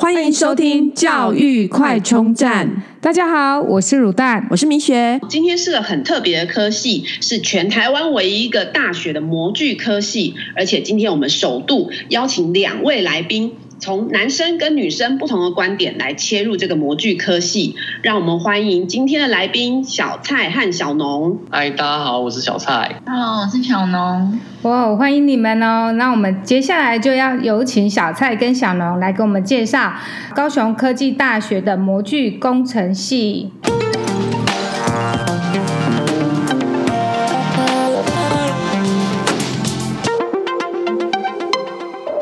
歡迎收聽教育快充站。大家好，我是汝蛋，我是明雪。今天是個很特別的科系，是全台灣唯一一個大學的模具科系，而且今天我們首度邀請兩位來賓。從男生跟女生不同的觀點來切入這個模具科系，讓我們歡迎今天的來賓小蔡和小農。哎，大家好，我是小蔡。Hello，我是小農。哇，oh, 歡迎你們哦！那我們接下來就要有請小蔡跟小農來給我們介紹高雄科技大學的模具工程系。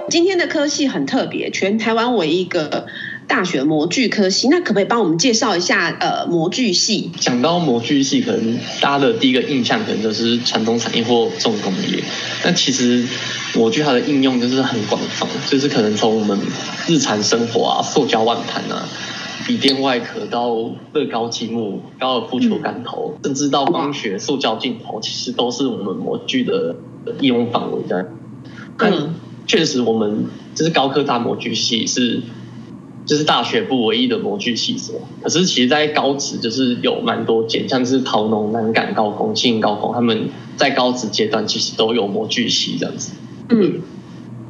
今天的科系很特別，全台灣唯一一個大學模具科系。那可不可以幫我們介紹一下？呃，模具系講到模具系，可能大家的第一個印象可能就是傳統產業或重工業。那其實，模具它的應用就是很廣泛，就是可能從我們日常生活啊，塑膠碗盤啊，筆電外殼到樂高積木、高爾夫球桿頭，嗯、甚至到光學塑膠鏡頭，其實都是我們模具的應用範圍這樣。嗯。嗯確實，我們這是高科大模具系是，這是大學部唯一的模具系所。可是，其實在高職就是有蠻多間，像是桃農、南港高工、新高工，他們在高職階段其實都有模具系這樣子。對對嗯，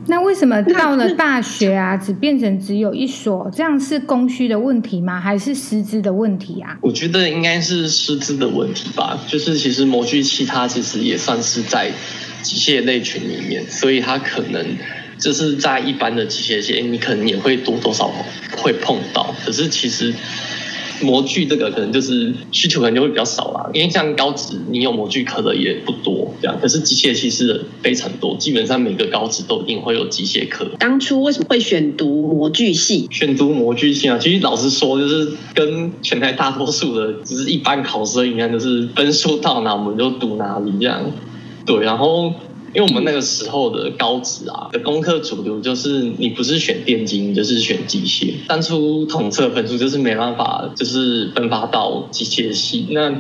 那為什麼到了大學啊，只變成只有一所？這樣是供需的問題嗎？還是師資的問題啊？我覺得應該是師資的問題吧。就是其實模具系它其實也算是在。機械類群裡面，所以它可能就是在一般的機械系，你可能也會多多少會碰到。可是其實模具這個可能就是需求可能就會比較少啦，因為像高職，你有模具科的也不多。這樣，可是機械系是非常多，基本上每個高職都一定會有機械科。當初為什麼會選讀模具系？選讀模具系啊，其實老實說，就是跟全台大多數的，就是一般考生一樣，就是分數到哪我們就讀哪裡。這樣，對，然後。因為我們那個時候的高職啊，的功課主流就是你不是選電機，你就是選機械。當初統測分數就是沒辦法，就是分發到機械系。那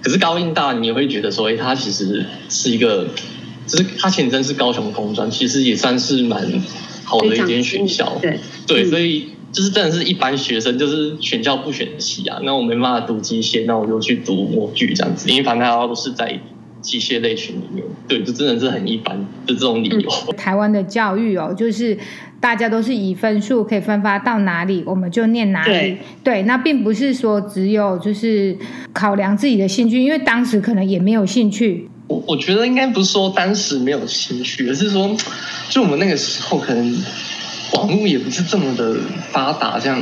可是高應大，你也會覺得說，哎、欸，它其實是一個，就是它前身是高雄工專，其實也算是蠻好的一間學校。對對，對嗯、所以就是真的是一般學生就是選校不選系啊。那我沒辦法讀機械，那我就去讀模具這樣子。因為反正他都是在。機械類群裡面，對，就真的是很一般的這種理由。嗯，臺灣的教育哦，就是大家都是以分數可以分發到哪裡，我們就念哪裡。對，對，那並不是說只有就是考量自己的興趣，因為當時可能也沒有興趣。我我覺得應該不是說當時沒有興趣，而是說，就我們那個時候可能網絡也不是這麼的發達，這樣。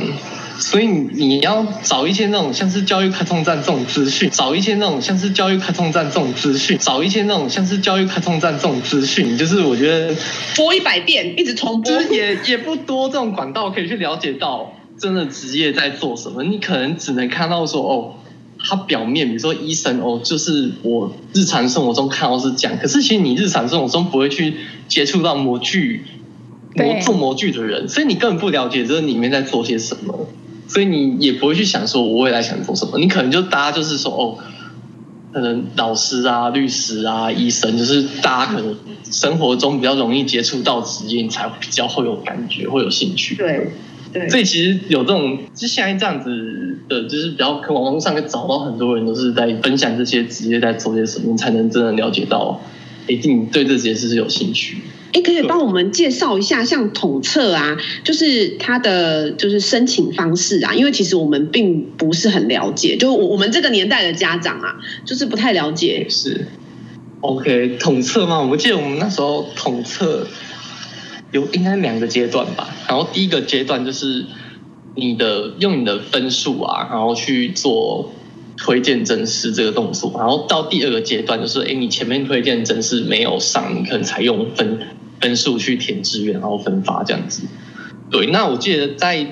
所以你要找一些那種像是教育快充站這種資訊，找一些那種像是教育快充站這種資訊，找一些那種像是教育快充站這種資訊，是就是我覺得播一百遍，一直重播，就是也也不多這種管道可以去了解到真的職業在做什麼。你可能只能看到說哦，他表面比如說醫生哦，就是我日常生活中看到是這樣，可是其實你日常生活中不會去接觸到模具、模做模具的人，對所以你根本不了解這裡面在做些什麼。所以你也不會去想說，我未來想做什麼？你可能就大家就是說，哦，可能老師啊、律師啊、醫生，就是大家可能生活中比較容易接觸到職業，你才比較會有感覺，會有興趣。對，對。所以其實有這種，就像這樣子的，就是比較從網絡上可以找到很多人，都是在分享這些職業在做這些什麼，才能真的了解到，一定，欸，對這些事是有興趣。哎，可以幫我們介紹一下，像統測啊，就是他的就是申請方式啊，因為其實我們並不是很了解，就我我們這個年代的家長啊，就是不太了解。是，OK，統測嗎？我記得我們那時候統測有應該有兩個階段吧，然後第一個階段就是你的用你的分數啊，然後去做推薦甄試這個動作，然後到第二個階段就是，哎，你前面推薦甄試沒有上，你可能才用分。分數去填志願，然後分發這樣子。對，那我記得在誒、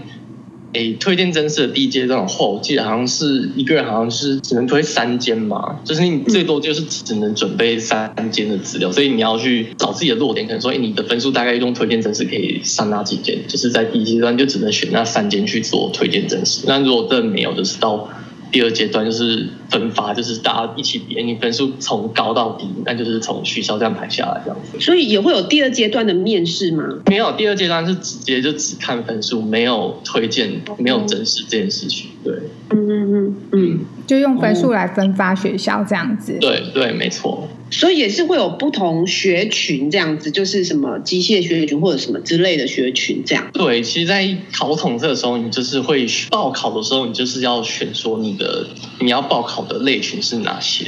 欸、推薦甄試的第一階段的話，我記得好像是一個人好像是只能推三間嘛，就是你最多就是只能準備三間的資料，所以你要去找自己的落點。可能說，你的分數大概用推薦甄試可以上那幾間？就是在第一階段就只能選那三間去做推薦甄試。那如果真的沒有，就是到。第二階段就是分發，就是大家一起比，你分數從高到低，那就是從學校這樣排下來這樣子。所以也會有第二階段的面試嗎？沒有，第二階段是直接就只看分數，沒有推薦，沒有真實這件事情。對，嗯嗯嗯嗯，就用分數來分發學校這樣子。對對，沒錯。所以也是會有不同學群這樣子，就是什麼機械學群或者什麼之類的學群這樣。對，其實，在考統測的時候，你就是會報考的時候，你就是要選說你的你要報考的類群是哪些。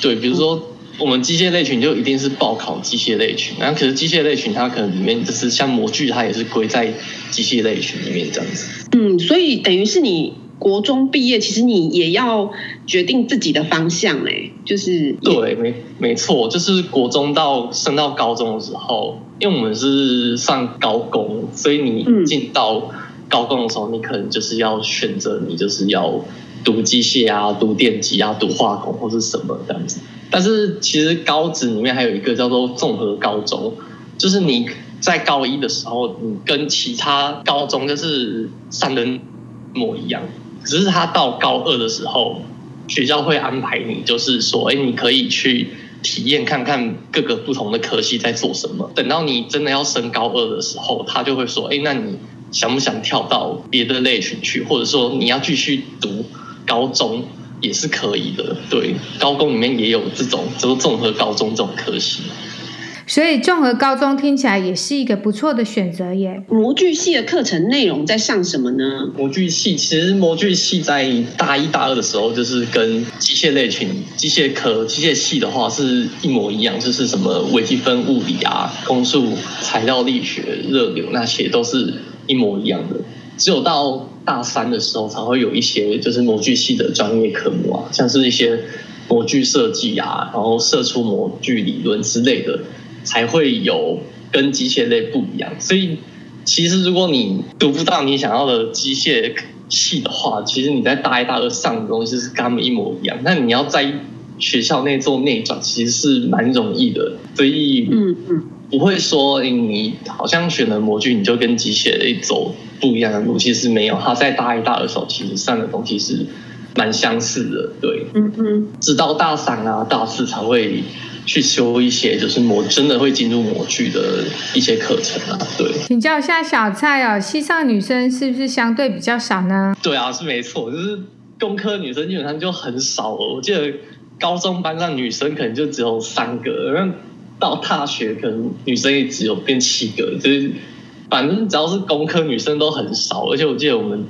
對，比如說我們機械類群就一定是報考機械類群，然後可是機械類群它可能裡面就是像模具，它也是歸在機械類群裡面這樣子。嗯，所以等於是你。國中畢業，其實你也要決定自己的方向誒，就是對，沒沒錯，就是國中到升到高中的時候，因為我們是上高工，所以你進到高中的時候，嗯、你可能就是要選擇你就是要讀機械啊、讀電機啊、讀化工或是什麼這樣子。但是其實高職裡面還有一個叫做綜合高中，就是你在高一的時候，你跟其他高中就是三人模一樣。只是他到高二的時候，學校會安排你，就是說，哎，你可以去體驗看看各個不同的科系在做什麼。等到你真的要升高二的時候，他就會說，哎，那你想不想跳到別的類群去？或者說，你要繼續讀高中也是可以的。對，高中裡面也有這種，就是綜合高中這種科系。所以綜合高中聽起來也是一個不錯的選擇耶。模具系的課程內容在上什麼呢？模具系其實模具系在大一大二的時候，就是跟機械類群、機械科、機械系的話是一模一樣，就是什麼微積分、物理啊、公數、材料力學、熱流那些都是一模一樣的。只有到大三的時候，才會有一些就是模具系的專業科目啊，像是一些模具設計啊，然後射出模具理論之類的，才會有跟機械類不一樣，所以其實如果你讀不到你想要的機械系的話，其實你在大一大二上的東西是跟他們一模一樣。那你要在學校內做內轉，其實是蠻容易的，所以嗯嗯，不會說你好像選了模具你就跟機械類走不一樣的路，其實沒有，他在大一大二的時候其實上的東西是蠻相似的，對，嗯嗯，直到大三啊大四才會。去修一些就是模真的會進入模具的一些課程啊，對。請教一下小菜哦，系上女生是不是相對比較少呢？對啊，是沒錯，就是工科女生基本上就很少了。我記得高中班上女生可能就只有三個，然後到大學可能女生也只有變七個，就是反正只要是工科女生都很少。而且我記得我們。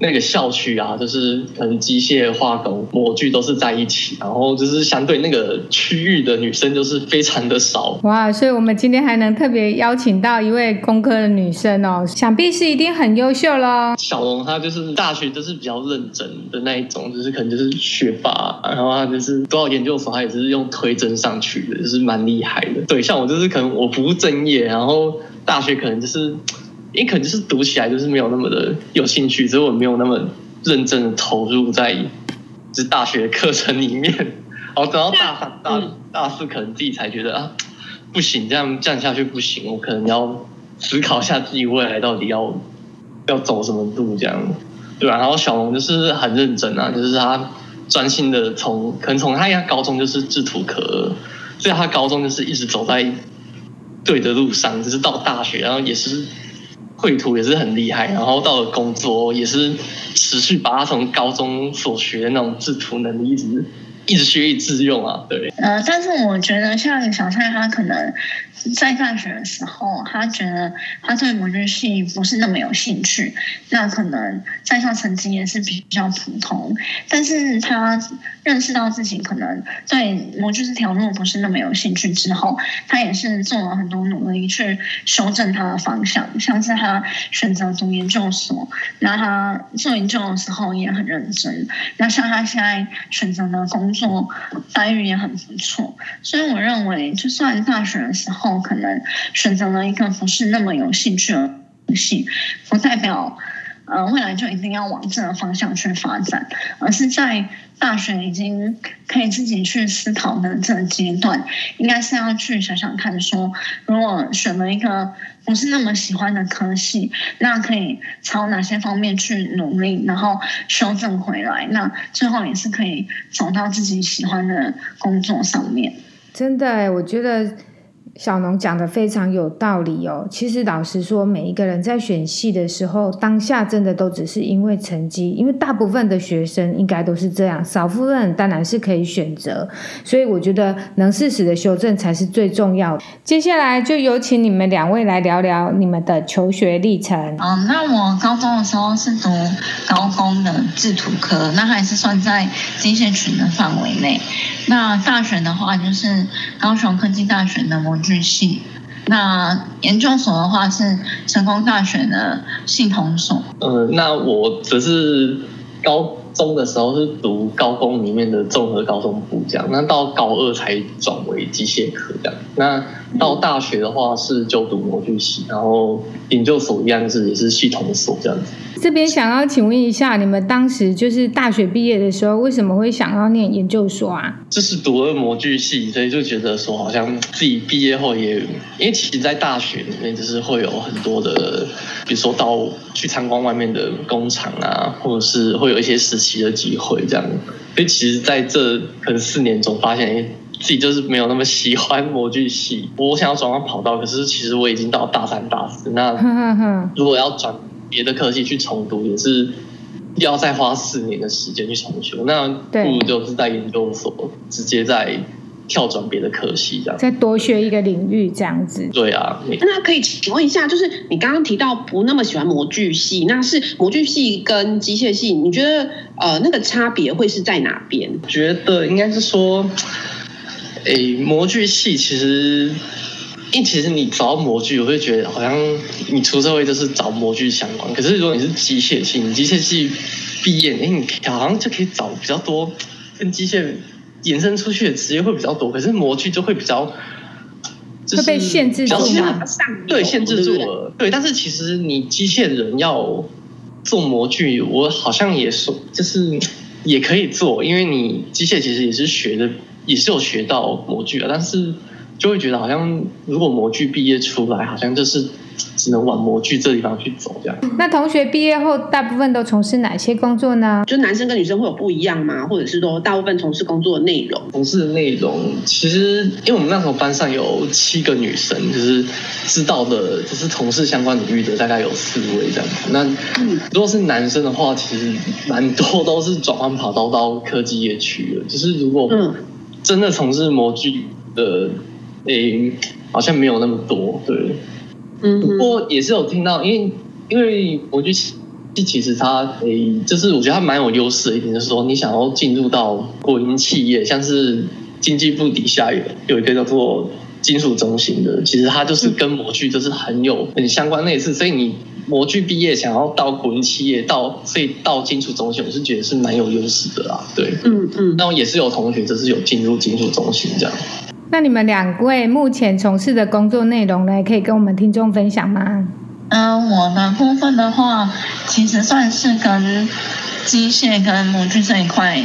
那個校區啊，就是可能機械、化工、模具都是在一起，然後就是相對那個區域的女生就是非常的少。哇，wow, 所以我們今天還能特別邀請到一位工科的女生哦，想必是一定很優秀嘍。小龍她就是大學就是比較認真的那一種，就是可能就是學霸，然後他就是多少研究所，他也是用推甄上去的，就是蠻厲害的。對，像我就是可能我不務正業，然後大學可能就是。因為可能就是讀起來就是沒有那麼的有興趣，所以我沒有那麼認真的投入在就是大學課程裡面。然後等到大三、嗯、大大四，可能自己才覺得啊，不行，這樣這樣下去不行，我可能要思考下自己未來到底要要走什麼路，這樣對吧？然後小農就是很認真啊，就是他專心的從，可能從他一樣高中就是製圖課，所以他高中就是一直走在對的路上，只，就是到大學，然後也是。繪圖也是很厲害，然後到了工作也是持續把他從高中所學的那種製圖能力一直。一直學以致用啊，對。呃，但是我覺得像小蔡他可能在大學的時候，他覺得他對模具系不是那麼有興趣，那可能在校成績也是比較普通。但是他認識到自己可能對模具這條路不是那麼有興趣之後，他也是做了很多努力去修正他的方向，像是他選擇讀研究所，那他做研究的時候也很認真。那像他現在選擇的工作。說待遇也很不錯，所以我認為，就算大學的時候可能選擇了一個不是那麼有興趣的東西，不代表呃未來就一定要往這個方向去發展，而是在大學已經可以自己去思考的這個階段，應該是要去想想看說，說如果選了一個。不是那麼喜歡的科系，那可以朝哪些方面去努力，然後修正回來，那最後也是可以走到自己喜歡的工作上面。真的，我覺得。小農講的非常有道理哦。其實老實說，每一個人在選系的時候，當下真的都只是因為成績，因為大部分的學生應該都是這樣，少部分當然是可以選擇。所以我覺得能適時的修正才是最重要的。接下來就有請你們兩位來聊聊你們的求學歷程。嗯，那我高中的時候是讀高工的製圖科，那還是算在機械群的範圍內。那大學的話，就是高雄科技大學的模具系。那研究所的話，是成功大學的系統所。呃，那我只是高中的時候是讀高工裡面的綜合高中部，這樣，那到高二才轉為機械科這樣，那到大學的話是就讀模具系，然後研究所一樣是也是系統的所這樣子。這邊想要請問一下，你們當時就是大學畢業的時候，為什麼會想要念研究所啊？就是讀了模具系，所以就覺得說好像自己畢業後也，因為其實，在大學裡面就是會有很多的，比如說到去參觀外面的工廠啊，或者是會有一些實習的機會這樣。所以其實，在這可能四年中發現，誒自己就是沒有那麼喜歡模具系，我想要轉換跑道，可是其實我已經到大三大四。那如果要轉別的科系去重讀，也是要再花四年的時間去重修。那不如就是在研究所直接再跳轉別的科系這樣。再對多學一個領域這樣子。對啊。那可以請問一下，就是你剛剛提到不那麼喜歡模具系，那是模具系跟機械系，你覺得呃那個差別會是在哪邊？覺得應該是說。哎，模具系其實，因為其實你找模具，我會覺得好像你出社會就是找模具相關。可是如果你是機械系，你機械系畢業誒，你好像就可以找比較多跟機械延伸出去的職業會比較多。可是模具就會比較，就是，會被限制比較上，對，限制住了。是不是？對，但是其實你機械人要做模具，我好像也說就是也可以做，因為你機械其實也是學的。也是有學到模具啊，但是就會覺得好像如果模具畢業出來，好像就是只能往模具這地方去走這樣。那同學畢業後大部分都從事哪些工作呢？就男生跟女生會有不一樣嗎？或者是說大部分從事工作的內容？從事的內容其實，因為我們那時候班上有七個女生，就是知道的就是從事相關領域的大概有四位這樣子。那如果是男生的話，其實蠻多都是轉換跑道到科技業去的，就是如果嗯。真的從事模具的，誒、欸，好像沒有那麼多，對，嗯哼，不過也是有聽到，因為因為模具其其實它誒、欸，就是我覺得它蠻有優勢的一點，就是說你想要進入到國營企業，像是經濟部底下有一個叫做金屬中心的，其實它就是跟模具就是很有很相關類似，所以你。模具畢業，想要到古銀企業，到所以到金屬中心，我是覺得是蠻有優勢的啦。對，嗯嗯，那、嗯、我也是有同學，就是有進入金屬中心這樣。那你們兩位目前從事的工作內容呢，可以跟我們聽眾分享嗎？嗯、呃，我的部分的話，其實算是跟機械跟模具這一塊，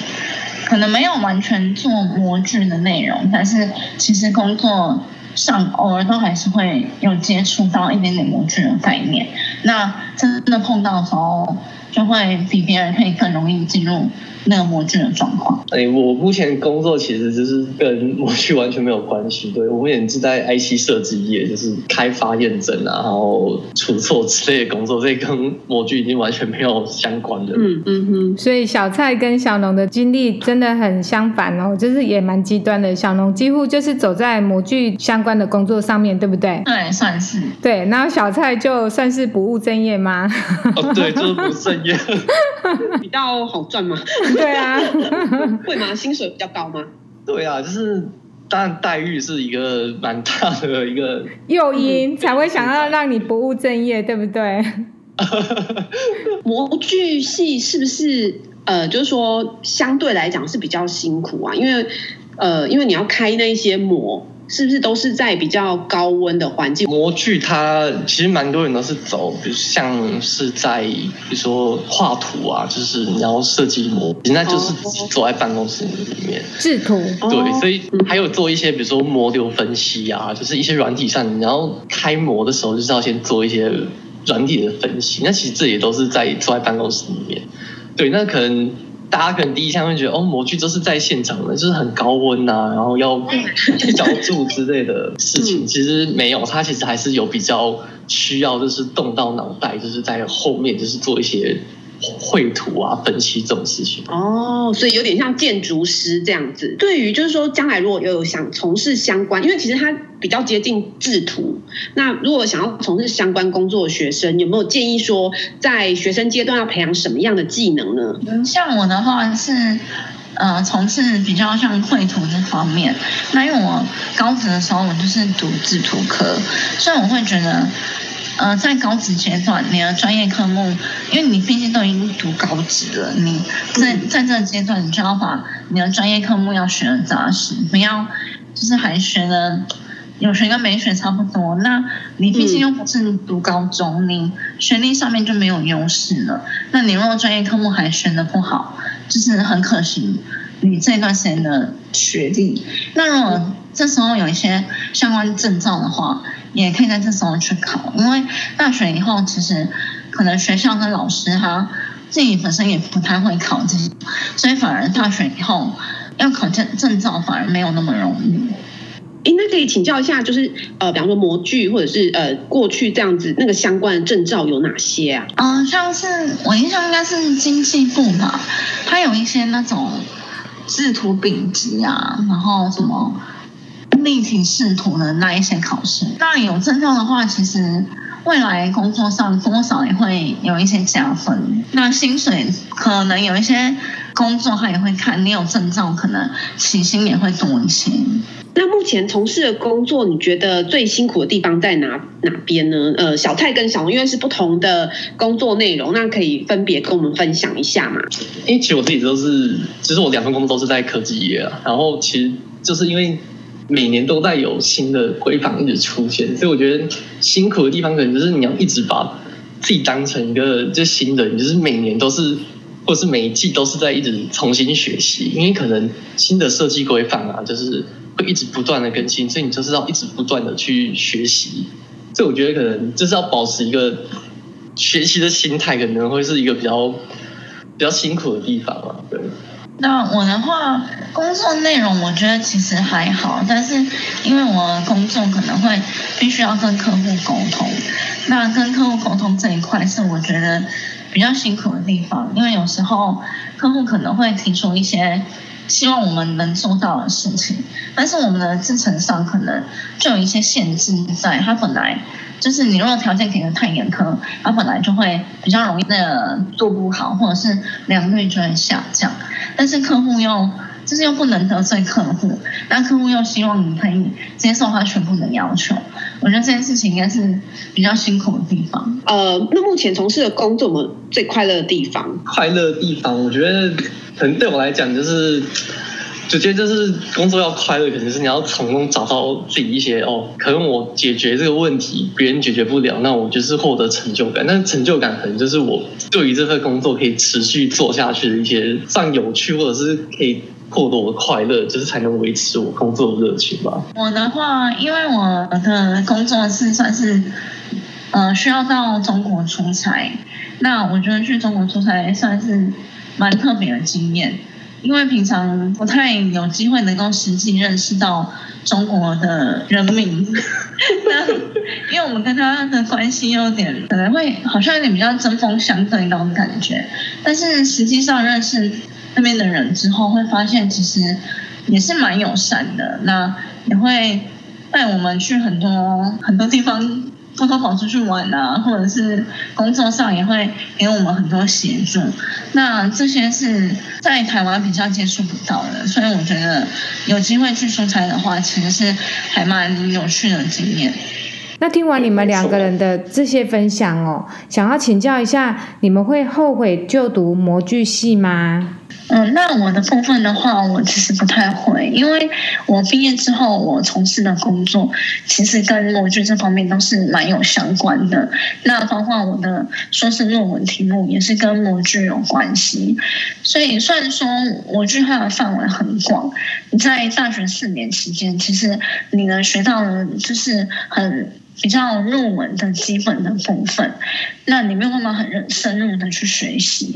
可能沒有完全做模具的內容，但是其實工作。上偶爾都還是會有接觸到一點點模具的概念，那。真的碰到的時候，就會比別人可以更容易進入那個模具的狀況。哎、欸，我目前工作其實就是跟模具完全沒有關係。對我們也是在 IC 設計業，就是開發、驗證，然後除錯之類的工作，這跟模具已經完全沒有相關的、嗯。嗯嗯嗯。所以小菜跟小農的經歷真的很相反哦，就是也蠻極端的。小農幾乎就是走在模具相關的工作上面對不對？對，算是對。然後小菜就算是不務正業嗎？哦，對，就是不正業，比較 好賺嗎？對啊， 會嗎？薪水比較高嗎？對啊，就是，當然待遇是一個蠻大的一個誘因，才會想要讓你不務正業，嗯、對，吧對不對？ 模具系是不是？呃，就是說，相對來講是比較辛苦啊，因為呃，因為你要開那一些模。是不是都是在比較高溫的環境？模具它其實蠻多人都是走，比如像是在，比如說畫圖啊，就是你要設計模，那就是坐在辦公室裡面製圖。Oh. 對，所以還有做一些，比如說模流分析啊，就是一些軟體上，你要開模的時候就是要先做一些軟體的分析。那其實這也都是在坐在辦公室裡面。對，那可能。大家可能第一下會覺得，哦，模具都是在現場的，就是很高溫吶、啊，然後要澆鑄之類的事情。其實沒有，它其實還是有比較需要，就是動到腦袋，就是在後面，就是做一些。繪圖啊，本期這種事情哦，所以有點像建築師這樣子。對於就是說，將來如果有想從事相關，因為其實它比較接近製圖。那如果想要從事相關工作的學生，有沒有建議說，在學生階段要培養什麼樣的技能呢？嗯，像我的話是，呃，從事比較像繪圖這方面。那因為我高職的時候，我就是讀製圖科，所以我會覺得。呃，在高職階段，你的專業科目，因為你畢竟都已經讀高職了，你在在這個階段，你就要把你的專業科目要學的扎實，不要就是還學的有學跟沒學差不多。那你畢竟又不是讀高中，嗯、你學歷上面就沒有優勢了。那你如果專業科目還學的不好，就是很可惜你這段時間的學歷。嗯、那如果這時候有一些相關證照的話，也可以在這時候，去考，因為大學以後其實可能學校跟老師他自己本身也不太會考這些，所以反而大學以後要考證證照反而沒有那麼容易。應該、欸，可以請教一下，就是呃，比方說模具或者是呃過去這樣子那個相關的證照有哪些啊？嗯、呃，像是我印象應該是經濟部吧，它有一些那種製圖丙級啊，然後什麼。立體視圖的那一些考試，那有證照的話，其實未來工作上多少也會有一些加分。那薪水可能有一些工作他也會看你有證照，可能起薪也會多一些。那目前從事的工作，你覺得最辛苦的地方在哪哪邊呢？呃，小菜跟小農因為是不同的工作內容，那可以分別跟我們分享一下嗎？因為其實我自己都是，其實我兩份工作都是在科技業啊，然後其實就是因為。每年都在有新的規範一直出現,所以我覺得辛苦的地方可能就是你要一直把自己當成一個就新的，你就是每年都是，或是每一季都是在一直重新學習，因為可能新的設計規範啊，就是會一直不斷的更新，所以你就是要一直不斷的去學習。所以我覺得可能就是要保持一個學習的心態，可能會是一個比較比較辛苦的地方啊，對。那我的話，工作內容我覺得其實還好，但是因為我工作可能會必須要跟客戶溝通，那跟客戶溝通這一塊是我覺得比較辛苦的地方，因為有時候客戶可能會提出一些希望我們能做到的事情，但是我們的制程上可能就有一些限制在，在他本來就是你如果條件給的太嚴苛，他本來就會比較容易的做不好，或者是良率就會下降。但是客戶又就是又不能得罪客戶，那客戶又希望你可以接受他全部的要求，我覺得這件事情應該是比較辛苦的地方。呃，那目前從事的工作，我最快樂的地方，快樂的地方，我覺得可能對我來講就是。直接就是工作要快樂，肯定是你要從中找到自己一些哦，可能我解決這個問題別人解決不了，那我就是獲得成就感。那成就感可能就是我對於這份工作可以持續做下去的一些上有趣，或者是可以獲得我的快樂，就是才能維持我工作的熱情吧。我的話，因為我的工作是算是，呃，需要到中國出差。那我覺得去中國出差算是蠻特別的經驗。因為平常不太有機會能夠實際認識到中國的人民， 那因為我們跟他的關係有點可能會好像有點比較針鋒相對的那種感覺，但是實際上認識那邊的人之後，會發現其實也是蠻友善的，那也會帶我們去很多很多地方。偷偷跑出去玩吶、啊，或者是工作上也會給我們很多協助。那這些是在台灣比較接觸不到的，所以我覺得有機會去出差的話，其實是還蠻有趣的經驗。那聽完你們兩個人的這些分享哦、喔，想要請教一下，你們會後悔就讀模具系嗎？嗯，那我的部分的話，我其實不太會，因為我畢業之後我從事的工作其實跟模具這方面都是蠻有相關的。那包括我的碩士論文題目也是跟模具有關係，所以算說模具它的範圍很廣。在大學四年期間，其實你能學到的就是很。比較入門的基本的部分，那你沒有辦法很深入的去學習。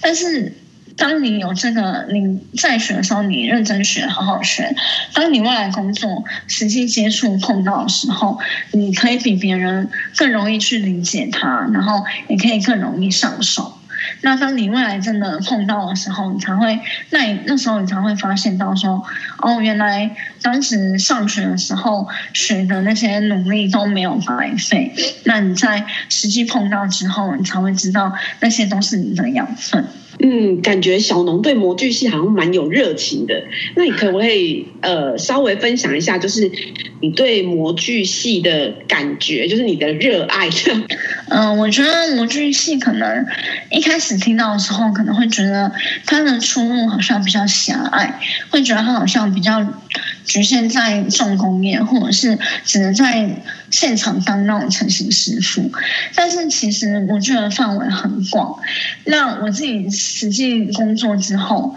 但是，當你有這個，你在學的時候，你認真學，好好學，當你未來工作實際接觸碰到的時候，你可以比別人更容易去理解他，然後也可以更容易上手。那當你未來真的碰到的時候，你才會，那你那時候你才會發現到說，哦，原來當時上學的時候學的那些努力都沒有白費。那你在實際碰到之後，你才會知道那些都是你的養分。嗯，感覺小農對模具系好像蠻有熱情的。那你可不可以呃稍微分享一下，就是你對模具系的感覺，就是你的熱愛嗯、呃，我覺得模具系可能一開始聽到的時候，可能會覺得它的出路好像比較狹隘，會覺得它好像比較。局限在重工業，或者是只能在現場當那種成型師傅，但是其實我覺得範圍很廣。那我自己實際工作之後，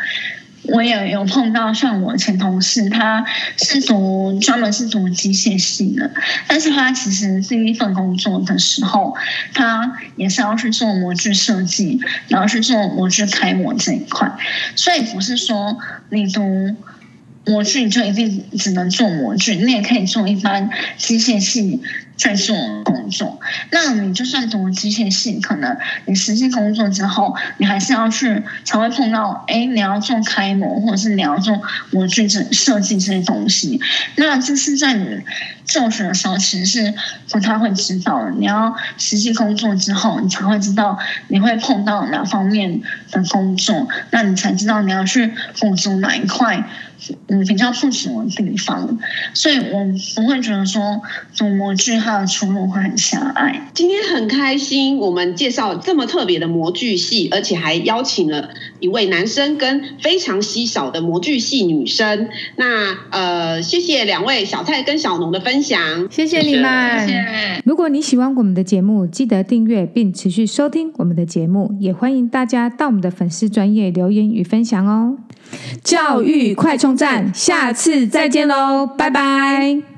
我也有碰到像我前同事，他是讀專門是讀機械系的，但是他其實第一份工作的時候，他也是要去做模具設計，然後去做模具開模這一塊，所以不是說你讀。模具你就一定只能做模具，你也可以做一般機械系。在做工作，那你就算讀機械系，可能你實際工作之後，你還是要去才會碰到，哎，你要做開模，或者是你要做模具這設計這些東西。那就是在你教學的時候，其實是不太會知道，你要實際工作之後，你才會知道你會碰到哪方面的工作，那你才知道你要去補足哪一塊嗯，比較不足的地方。所以我不會覺得說讀模具出目會很愛。今天很開心，我們介紹這麼特別的模具系，而且還邀請了一位男生跟非常稀少的模具系女生。那呃，謝謝兩位小菜跟小農的分享，謝謝你們。謝謝。如果你喜歡我們的節目，記得訂閱並持續收聽我們的節目，也歡迎大家到我們的粉絲專頁留言與分享哦。教育快充站，下次再見嘍，拜拜。